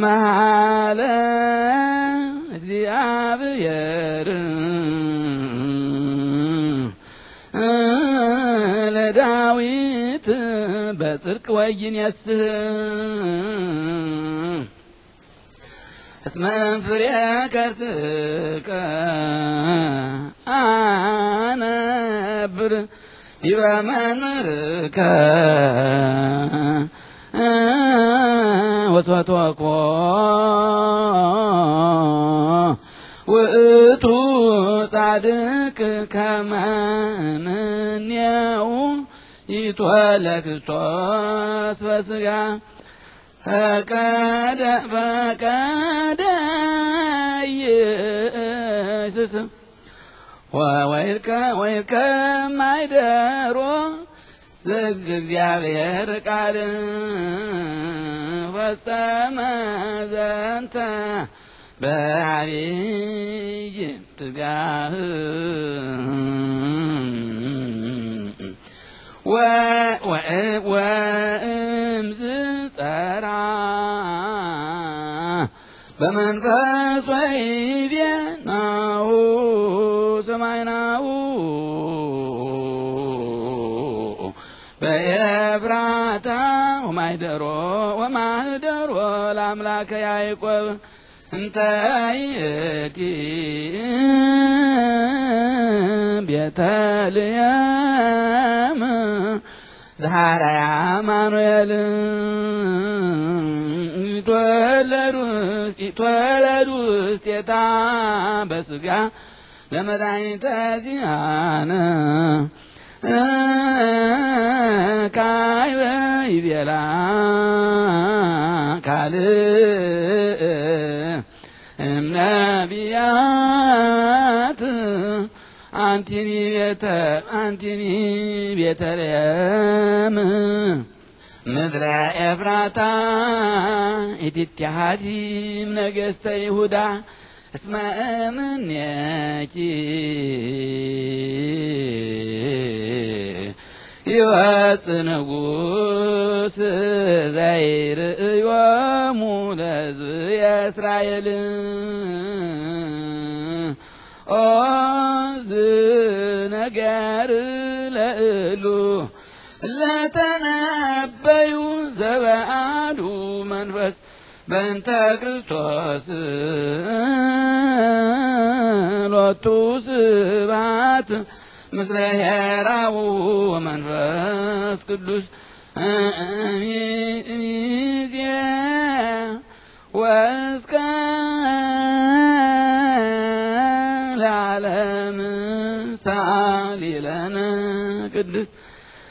መሐለ እግዚአብሔር ለዳዊት በጽድቅ ወይንየስሕ እስመን ፍሬ ከርስከ አነብር ይበመንርከ ወተዋቆ ውእቱ ጻድቅ ከመምኔው ይትወለ ክርስቶስ በስጋ ፈቀደ ፈቀደ ኢየሱስ ወይርከ ወይርከ ማይደሮ ዘእግዚአብሔር ቃል ፈጸመ ዘንተ በአብይ ትጋህ ወእምዝ ጸራ በመንፈስ ወይቤ ናሁ ሰማይናሁ በኤብራታ ወማይደሮ ወማህደሮ ለአምላከ ያዕቆብ እንተ ይእቲ ቤተልሔም ዛሃራያ አማኑኤል ይትወለድ ውስጥ ውስቴታ በስጋ ለመድኃኒተ ዚአነ ካይበ ይቤላ ካል እምነቢያት አንቲኒ ቤተ አንቲኒ ቤተልሔም ምድረ ኤፍራታ ኢቲትሃዲም ነገስተ ይሁዳ እስመ እምኔኪ ይወፅ ንጉሥ ዘይርእዮሙ ለሕዝብ የእስራኤል ኦዝ ነገር ለእሉ ለተነበዩ ዘበአዱ መንፈስ በእንተ ክርስቶስ ሎቱ ስብሐት ምስለ ሄራው መንፈስ ቅዱስ ሚዜ ወስከ ለዓለም ሳሊለነ ቅድስት